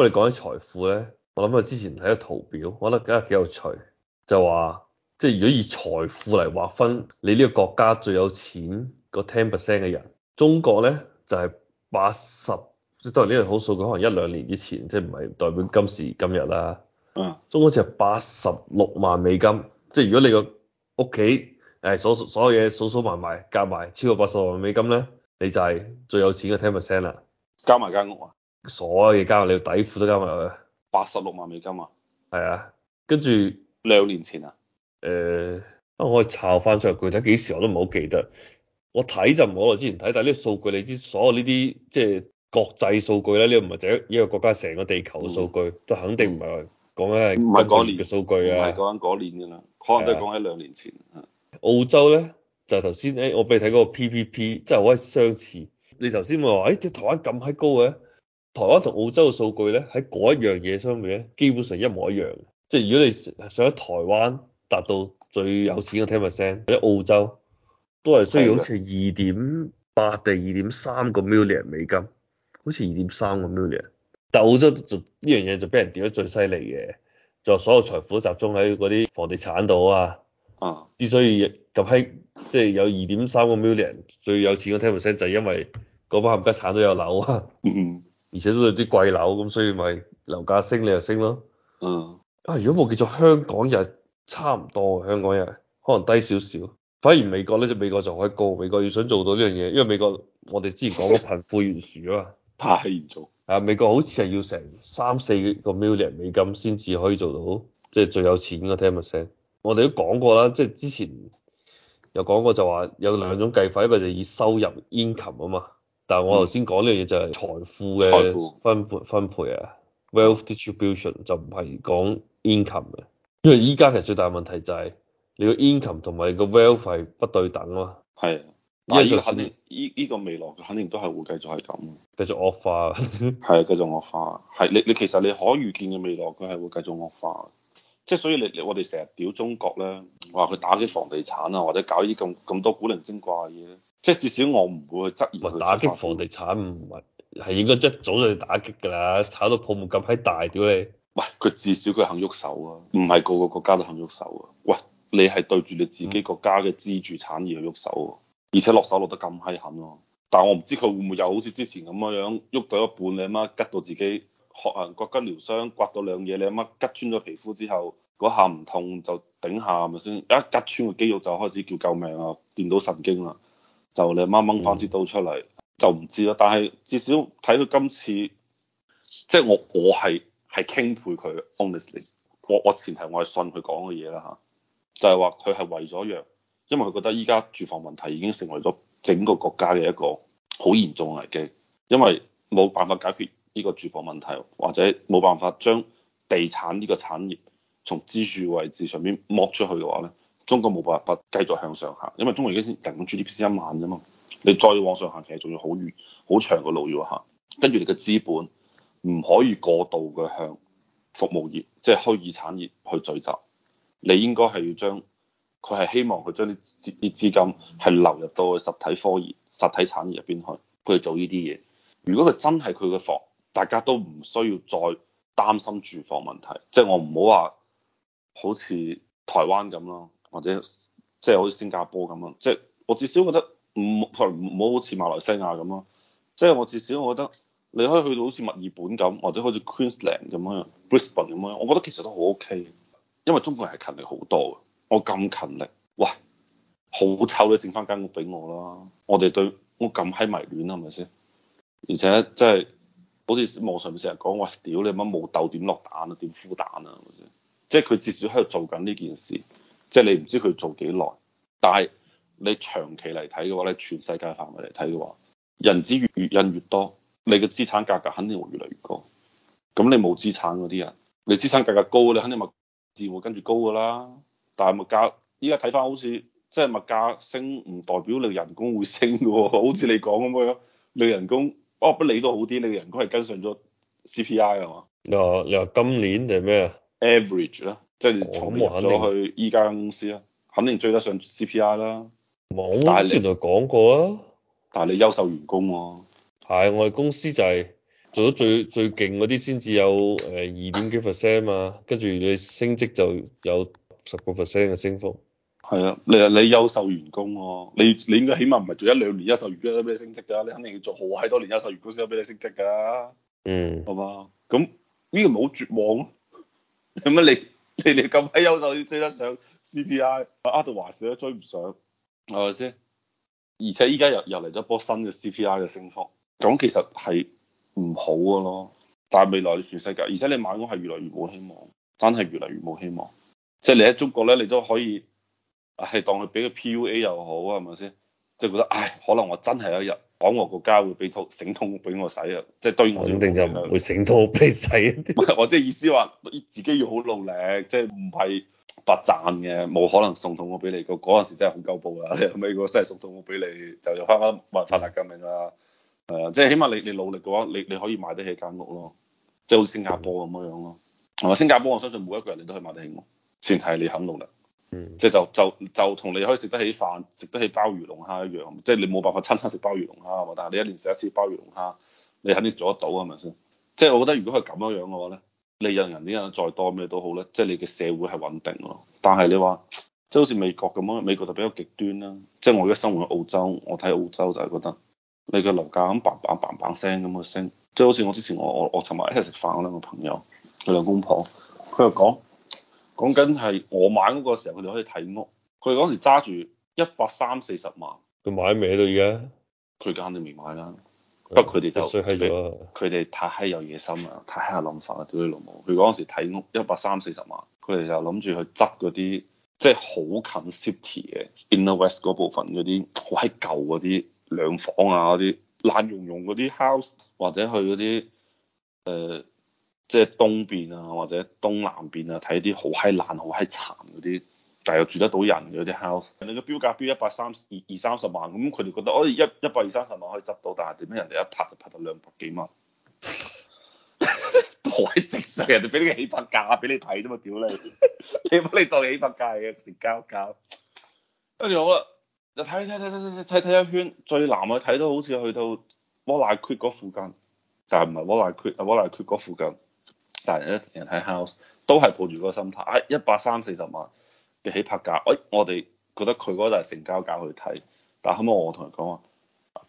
我哋講起財富咧，我諗我之前睇咗圖表，我覺得梗係幾有趣。就話即係如果以財富嚟劃分，你呢個國家最有錢個 ten percent 嘅人，中國咧就係八十，即係當然呢樣好數據可能一兩年之前，即係唔係代表今時今日啦。嗯。中國就係八十六萬美金，即係如果你個屋企誒所所有嘢數數埋埋加埋超過八十六萬美金咧，你就係最有錢嘅 ten percent 啦。加埋間屋啊？所有嘢交埋，你底褲都交埋佢八十六萬美金啊，係啊，跟住兩年前啊，誒、呃，我查翻出嚟，具體幾時我都唔好記得。我睇就唔好耐之前睇，但係啲數據你知，所有呢啲即係國際數據咧，呢個唔係就一個國家，成個地球嘅數據，都肯定唔係講緊係唔係嗰年嘅數據啊，講緊嗰年噶啦，可能都係講緊兩年前。啊、澳洲咧就頭先誒，我俾你睇嗰個、PP、P P P，即係好相似。你頭先咪話誒，只、哎、台灣咁閪高嘅、啊。台灣同澳洲嘅數據咧，喺嗰一樣嘢上面咧，基本上一模一樣。即係如果你想喺台灣達到最有錢嘅 ten percent 或者澳洲都係的，需要好似係二點八定二點三個 million 美金，好似二點三個 million，但澳洲就呢樣嘢就俾人跌得最犀利嘅，就所有財富集中喺嗰啲房地產度啊。啊，之所以就喺即係有二點三個 million 最有錢嘅 ten percent，就係、是、因為嗰班冚家產都有樓啊、嗯。而且都有啲貴樓咁，所以咪樓價升，你又升咯。嗯。啊，如果冇記錯，香港又差唔多，香港又可能低少少。反而美國咧，就美國就可以高。美國要想做到呢樣嘢，因為美國我哋之前講過貧富懸殊啊嘛。太嚴重。啊，美國好似係要成三四個 million 美金先至可以做到，即係最有錢嘅。聽唔聽？我哋都講過啦，即係之前有講過就話有兩種計法，嗯、一個就以收入 income 啊嘛。但係我頭先講呢樣嘢就係財富嘅分配富分配啊，wealth distribution 就唔係講 income 嘅，因為依家其實最大問題就係、是、你個 income 同埋你個 wealth 係不對等啊嘛，係啊的，但係肯定依依、呢個呢個未來佢肯定都係會繼續係咁啊，繼續惡化，係啊， 繼續惡化，係你你其實你可預見嘅未來佢係會繼續惡化，即、就、係、是、所以你你我哋成日屌中國咧，話佢打擊房地產啊，或者搞啲咁咁多古靈精怪嘅嘢。即係至少我唔會去質疑佢打擊房地產唔係係應該一早就去打擊㗎啦，炒到泡沫咁閪大屌你。喂，佢至少佢肯喐手啊，唔係個個國家都肯喐手啊。喂，你係對住你自己國家嘅支柱產業喐手啊，而且落手落得咁閪狠咯。但係我唔知佢會唔會又好似之前咁樣樣喐到一半，你阿媽拮到自己，學人割骨療傷，刮到兩嘢，你阿媽拮穿咗皮膚之後，嗰下唔痛就頂下咪先，一拮穿個肌肉就開始叫救命啊，掂到神經啦。就你掹掹翻支刀出嚟，就唔知啦。但係至少睇佢今次，即、就、係、是、我我係係傾佩佢，Honestly。我 Honestly, 我，我前提我係信佢講嘅嘢啦吓，就係話佢係為咗讓，因為佢覺得依家住房問題已經成為咗整個國家嘅一個好嚴重危機，因為冇辦法解決呢個住房問題，或者冇辦法將地產呢個產業從支柱位置上面剝出去嘅話咧。中國冇辦法繼續向上行，因為中國而家先人 GDP 先一萬啫嘛。你再往上行，其實仲要好遠、好長嘅路要行。跟住你嘅資本唔可以過度嘅向服務業，即係虛擬產業去聚集。你應該係要將佢係希望佢將啲資啲資金係流入到實體科研、實體產業入邊去，佢做呢啲嘢。如果佢真係佢嘅房，大家都唔需要再擔心住房問題，即係我唔好話好似台灣咁咯。或者即係好似新加坡咁樣，即係我至少覺得唔可能唔好好似馬來西亞咁咯。即係我至少我覺得你可以去到好似墨爾本咁，或者好似 Queensland 咁樣、Brisbane 咁樣，我覺得其實都好 OK。因為中國人係勤力好多嘅，我咁勤力，哇！好臭，都整翻間屋俾我啦。我哋對我咁閪迷戀啦，係咪先？而且即係好似網上面成日講，哇！屌你乜冇豆點落蛋啊？點孵蛋啊？咁先，即係佢至少喺度做緊呢件事。即係你唔知佢做幾耐，但係你長期嚟睇嘅話咧，你全世界範圍嚟睇嘅話，人資越越印越多，你嘅資產價格肯定會越嚟越高。咁你冇資產嗰啲人，你資產價格高，你肯定物價會跟住高㗎啦。但係物價依家睇翻好似，即係物價升唔代表你人工會升㗎喎，好似你講咁樣。你人工哦不，你都好啲，你嘅人工係跟上咗 CPI 啊嘛。嗱，嗱今年定係咩？Average 啦。即係從入咗去依間公司啊，肯定追得上 CPI 啦。冇，我之前就講過啊。但係你優秀員工喎。係，我哋公司就係做咗最最勁嗰啲先至有誒二點幾 percent 啊。跟住 你升職就有十個 percent 嘅升幅。係啊，你你優秀員工喎，啊，你你應該起碼唔係做一兩年優秀員工都俾你升職㗎，啊，你肯定要做好喺多年優秀員工先有俾你升職㗎，啊。嗯是是。係嘛？咁呢個唔係好絕望咯。係咪你？你哋咁閪優秀，要追得上 CPI，阿特華士都追唔上，係咪先？而且依家又又嚟咗波新嘅 CPI 嘅升幅，咁其實係唔好嘅咯。但係未來你全世界，而且你買屋係越來越冇希望，真係越嚟越冇希望。即係你喺中國咧，你都可以係當佢俾個 PUA 又好，係咪先？即係覺得，唉，可能我真係有一日，港澳國家會俾通，醒通俾我使啊！即係對我，肯定就唔會醒通俾你使。唔係，我即係意思話，自己要好努力，即係唔係白賺嘅，冇可能送套屋俾你。個嗰陣時真係好鳩暴啊！你諗下，美國真係送套屋俾你，就又翻翻發達革命啦，係啊！即係起碼你你努力嘅話，你你可以買得起間屋咯，即係好似新加坡咁樣樣咯。係新加坡？我相信每一個人都可以買得起屋，算係你肯努力。即係、嗯、就就就同你可以食得起飯、食得起鮑魚龍蝦一樣，即係你冇辦法餐餐食鮑魚龍蝦啊嘛，但係你一年食一次鮑魚龍蝦，你肯定做得到，係咪先？即係我覺得如果係咁樣樣嘅話咧，你印人啲印得再多咩都好咧，即係你嘅社會係穩定咯。但係你話即係好似美國咁咯，美國就比較極端啦。即係我而家生活喺澳洲，我睇澳洲就係覺得你嘅樓價咁砰砰砰砰聲咁去升，即係好似我之前我我我尋日一齊食飯嗰兩個朋友，佢兩公婆，佢就講。講緊係我買嗰個時候，佢哋可以睇屋。佢哋嗰時揸住一百三四十萬，佢買咩都而家？佢家肯定未買啦。不過佢哋就佢哋了太閪有野心啦，太閪有諗法啦，屌你老母！佢嗰陣時睇屋一百三四十萬，佢哋就諗住去執嗰啲即係好近 city 嘅 inner west 嗰部分嗰啲好閪舊嗰啲兩房啊嗰啲爛溶溶嗰啲 house，或者去嗰啲誒。呃即係東邊啊，或者東南邊啊，睇啲好閪爛、好閪殘嗰啲，但又住得到人嗰啲 house。人哋個標價標一百三二二三十萬，咁佢哋覺得哦，一一百二三十萬可以執到，但係點解人哋一拍就拍到兩百幾萬？好 閪直死，人哋俾你個起拍價俾你睇啫嘛，屌你！ 你把你當起拍價嘅成交價。跟住好啦，就睇睇睇睇睇睇睇一圈，最南啊睇到好似去到 Wallace Creek 嗰附近，就係唔係 Wallace Creek，Wallace Creek 嗰附近。成日睇 house 都係抱住嗰個心態，誒、哎、一百三四十萬嘅起拍價，誒、哎、我哋覺得佢嗰度係成交價去睇，但係後尾我同佢講話，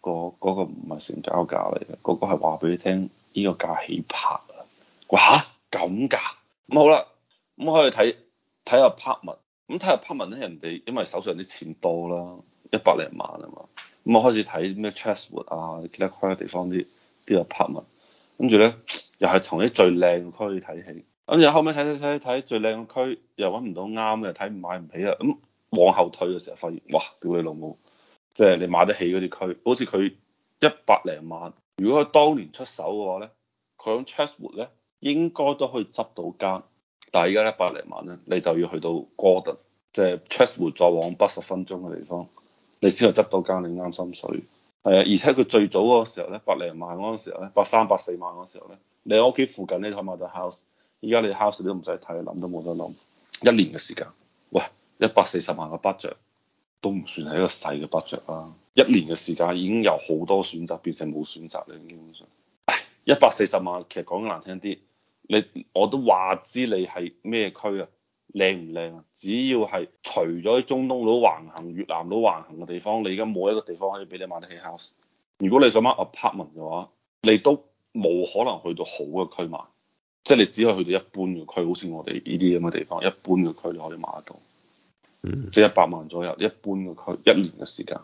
嗰個嗰、嗰個唔係成交價嚟嘅，嗰個係話俾你聽，呢個價起拍啊，哇咁㗎，咁好啦，咁可以睇睇下柏文，咁睇下柏文咧，人哋因為手上啲錢多啦，一百零萬啊嘛，咁我開始睇咩 Chesswood 啊，其他區嘅地方啲啲嘅柏文，跟住咧。又係從啲最靚嘅區睇起，咁然後尾睇睇睇睇最靚嘅區又，又揾唔到啱嘅，又睇唔買唔起啦。咁往後退嘅時候，發現哇，屌你老母，即係你買得起嗰啲區，好似佢一百零萬。如果佢當年出手嘅話咧，佢喺 Chatswood 咧應該都可以執到間。但係依家咧一百零萬咧，你就要去到 Gordon，即係 Chatswood 再往北十分鐘嘅地方，你先可以執到間你啱心水。係啊，而且佢最早嗰個時候咧，百零萬嗰時候咧，百三百四萬嗰時候咧，你喺屋企附近呢？可以買到 house。依家你 house 你都唔使睇，諗都冇得諗。一年嘅時間，喂，一百四十萬嘅 budget 都唔算係一個細嘅 budget 啦。一年嘅時間已經有好多選擇，變成冇選擇啦。基本上，唉，一百四十萬，其實講得難聽啲，你我都話知你係咩區啊？靚唔靚啊？只要係除咗喺中東佬橫行、越南佬橫行嘅地方，你而家冇一個地方可以俾你買得起 house。如果你想買 apartment 嘅話，你都～冇可能去到好嘅區買，即係你只可以去到一般嘅區，好似我哋呢啲咁嘅地方，一般嘅區你可以買得到，即係一百萬左右，一般嘅區，一年嘅時間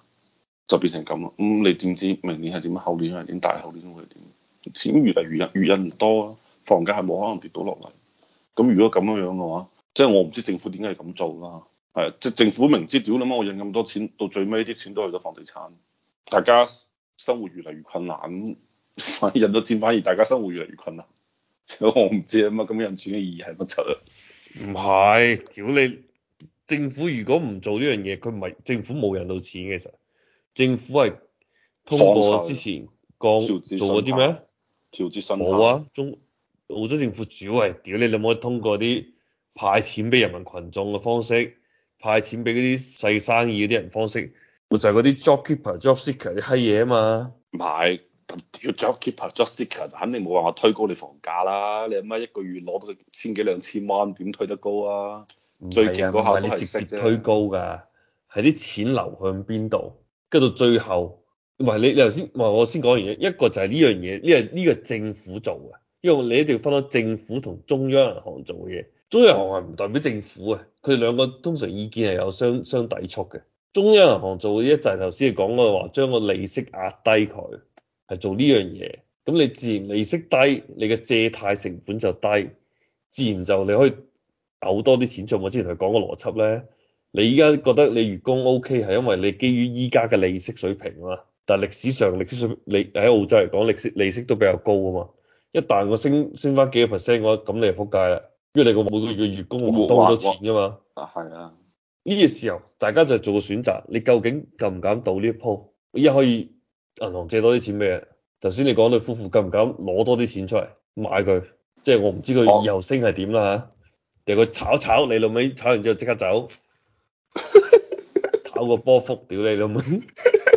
就變成咁啦。咁、嗯、你點知明年係點？後年係點？大後年會點？錢越嚟越印，越印多，房價係冇可能跌到落嚟。咁如果咁樣樣嘅話，即係我唔知政府點解要咁做啦。係，即係政府明知屌啦，我印咁多錢，到最尾啲錢都去咗房地產，大家生活越嚟越困難。反而印咗錢，反而大家生活越嚟越困難啦。我唔知啊，咁啊咁印錢嘅意義係乜柒啊？唔係，屌你政府如果唔做呢樣嘢，佢唔係政府冇印到錢，其實政府係通過之前降便幹做嗰啲咩？調節新冇啊，中澳洲政府主要係屌你你冇通過啲派錢俾人民群眾嘅方式，派錢俾嗰啲細生意嗰啲人方式，就係嗰啲 job keeper、job seeker 啲閪嘢啊嘛。唔係。咁肯定冇話我推高你房價啦。你阿媽一個月攞到千幾兩千萬，點推得高啊？啊最勁嗰下，你直接推高㗎，係啲錢流向邊度，跟住到最後唔係你你頭先唔係我先講完嘢，一個就係呢樣嘢，呢係呢個、呢個、政府做嘅，因為你一定要分開政府同中央銀行做嘅嘢。中央銀行係唔代表政府啊，佢哋兩個通常意見係有相相抵觸嘅。中央銀行做嘅一就係頭先你講嘅話，將個利息壓低佢。係做呢樣嘢，咁你自然利息低，你嘅借貸成本就低，自然就你可以斗多啲錢出。我之前就講個邏輯咧，你依家覺得你月供 O K，係因為你基於依家嘅利息水平啊嘛。但係歷史上利息水平，水平你喺澳洲嚟講，利息利息都比較高啊嘛。一旦我升升翻幾個 percent 嘅話，咁你又撲街啦，因為你個每個月嘅月供還多好多錢噶嘛。啊，係啊，呢個時候大家就做個選擇，你究竟敢唔敢賭呢一波？亦可以。.銀行借多啲錢咩？頭先你講對夫婦敢唔敢攞多啲錢出嚟買佢？即係我唔知佢以後升係點啦吓，定佢、oh. 炒炒，炒你老味，炒完之後即刻走， 炒個波幅，屌你老味，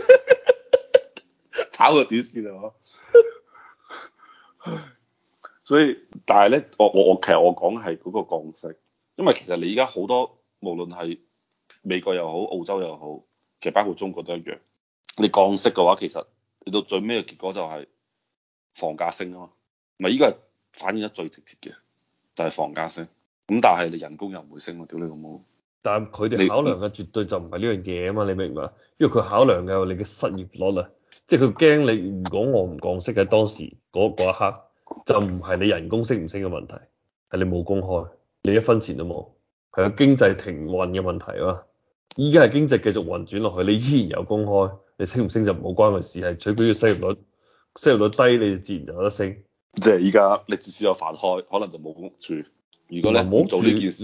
炒個短線啊！ 所以，但係咧，我我我其實我講係嗰個降息，因為其實你而家好多，無論係美國又好，澳洲又好，其實包括中國都一樣，你降息嘅話，其實。去到最尾嘅結果就係房價升啊嘛。咪依個係反映得最直接嘅，就係房價升。咁但係你人工又唔會升喎，屌你老母！但係佢哋考量嘅絕對就唔係呢樣嘢啊嘛，你明唔明啊？因為佢考量嘅係你嘅失業率啊，即係佢驚你如果我唔降息嘅當時嗰一刻，就唔係你人工升唔升嘅問題，係你冇工開，你一分錢都冇，係個經濟停運嘅問題嘛！依家係經濟繼續運轉落去，你依然有工開。你升唔升就唔好關佢事，係取決於收益率。收益率低，你自然就有得升。即係依家你至少有飯開，可能就冇屋住。如果你唔好做呢件事，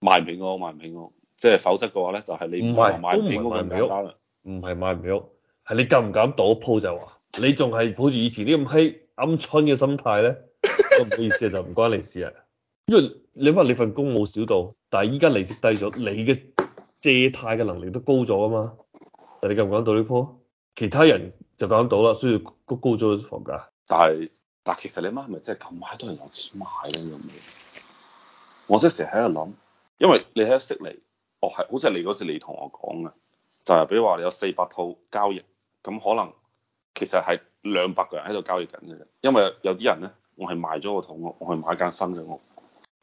你賣唔平我，賣唔平我。即係否則嘅話咧，就係、是、你唔賣唔起屋咁簡單啦。唔係賣唔起屋，係你夠唔夠膽鋪就話。你仲係抱住以前啲咁閪鵪鶉嘅心態咧？唔好意思啊，就唔關你事啊。 因為你話，你份工冇少到，但係依家利息低咗，你嘅借貸嘅能力都高咗啊嘛。但你咁揀到呢棵，其他人就揀唔到啦，需要谷高咗房價。但係，但其實你媽係咪真係咁閪多人有錢買呢？咁嘅，我即時喺度諗，因為你喺度識嚟，哦係，好似係你嗰次你同我講嘅，就係、是、比如話你有四百套交易，咁可能其實係兩百個人喺度交易緊嘅啫，因為有啲人咧，我係賣咗個套屋，我係買一間新嘅屋。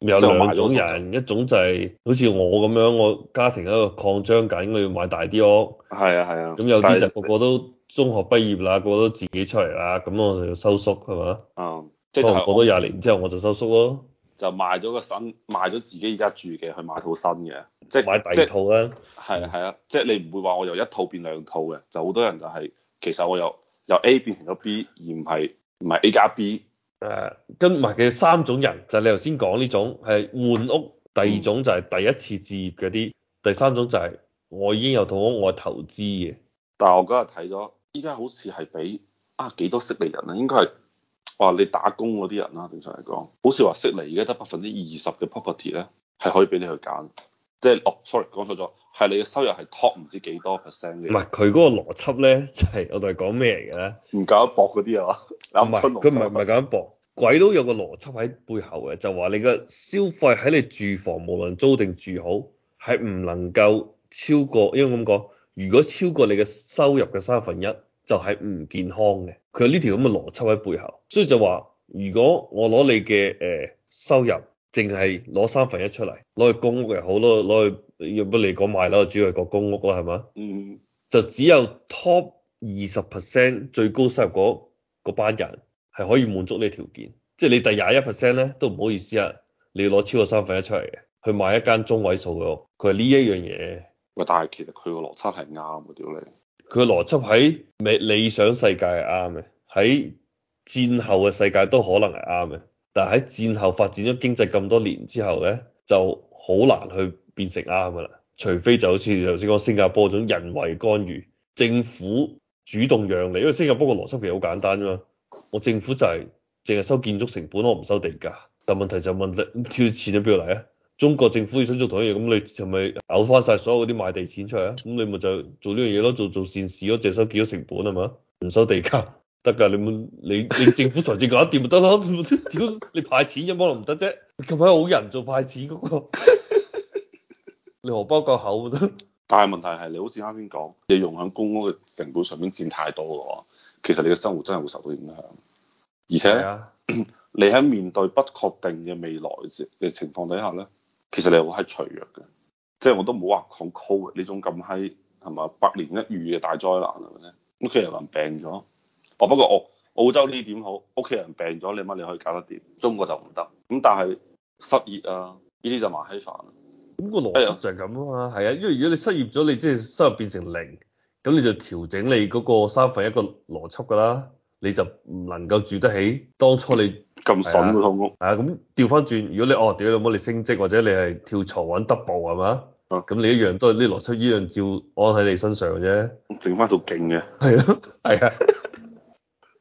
有兩種人，一種就係好似我咁樣，我家庭喺度擴張緊，我要買大啲屋。係啊，係啊。咁有啲就是個個都中學畢業啦，個個都自己出嚟啦，咁我就要收縮，係嘛？嗯，即係過多廿年之後我就收縮咯。就賣咗個新，賣咗自己而家住嘅，去買套新嘅，即係買第二套呢？係啊，係啊，即係你唔會話我由一套變兩套嘅，就好多人就係、是、其實我由由 A 變成咗 B，而唔係唔係 A 加 B。誒，跟埋嘅三種人，就係、是、你頭先講呢種係換屋，第二種就係第一次置業嗰啲，第三種就係、是、我已經有套屋，我投資嘅。但係我嗰日睇咗，依家好似係俾啊幾多悉尼人啊，應該係哇你打工嗰啲人啦，正常嚟講，好似話悉尼而家得百分之二十嘅 property 咧，係可以俾你去揀。即係哦，sorry，講錯咗，係你嘅收入係 top 唔知幾多 percent 嘅。唔係佢嗰個邏輯咧，就係、是、我哋係講咩嚟嘅咧？唔搞一搏嗰啲啊？唔 係，佢唔係唔係搞一搏，鬼都有個邏輯喺背後嘅，就話你嘅消費喺你住房，無論租定住好，係唔能夠超過，因為咁講，如果超過你嘅收入嘅三分一，就係、是、唔健康嘅。佢有呢條咁嘅邏輯喺背後，所以就話，如果我攞你嘅誒、呃、收入。淨係攞三分一出嚟攞去公屋又好咯，攞去要不你講買啦，主要係個公屋啦，係嘛？嗯，就只有 top 二十 percent 最高收入嗰班人係可以滿足你個條件，即係你第廿一 percent 咧都唔好意思啊，你要攞超過三分一出嚟嘅去買一間中位數嘅屋，佢係呢一樣嘢。喂，但係其實佢個邏輯係啱嘅，屌你，佢個邏輯喺美理想世界係啱嘅，喺戰後嘅世界都可能係啱嘅。但喺戰後發展咗經濟咁多年之後咧，就好難去變成啱噶啦。除非就好似頭先講新加坡嗰種人為干預，政府主動讓利。因為新加坡個邏輯其實好簡單啫嘛，我政府就係淨係收建築成本，我唔收地價。但問題就問你，條錢喺邊度嚟啊？中國政府要想做同樣嘢，咁你係咪嘔翻晒所有嗰啲賣地錢出嚟啊？咁你咪就做呢樣嘢咯，做做善事咯，淨係收幾多成本係嘛，唔收地價。得噶，你冇你你政府財政搞掂咪得咯。 你派錢有冇可能唔得啫，琴日好人做派錢嗰、嗰個，你何包割口得，但係問題係你好似啱先講，你用喺公屋嘅成本上面佔太多啦。其實你嘅生活真係會受到影響，而且、啊、 你喺面對不確定嘅未來嘅情況底下咧，其實你係好係脆弱嘅，即係我都唔好話 COVID 呢種咁喺係嘛百年一遇嘅大災難係咪先屋企有人病咗？哦，不過澳澳洲呢點好，屋企人病咗，你乜你可以搞得掂。中國就唔得咁，但係失業啊，呢啲就麻閪煩。咁個邏輯就係咁啊嘛，係啊的，因為如果你失業咗，你即係收入變成零，咁你就調整你嗰個三分一個邏輯㗎啦，你就唔能夠住得起當初你咁筍屋。係啊，咁調翻轉，如果你哦屌，啊、你冇、啊、你升職或者你係跳槽揾 double 係嘛？啊，咁你一樣都係呢個邏輯，依樣照樣安喺你身上嘅啫，整翻套勁嘅。係咯，係啊。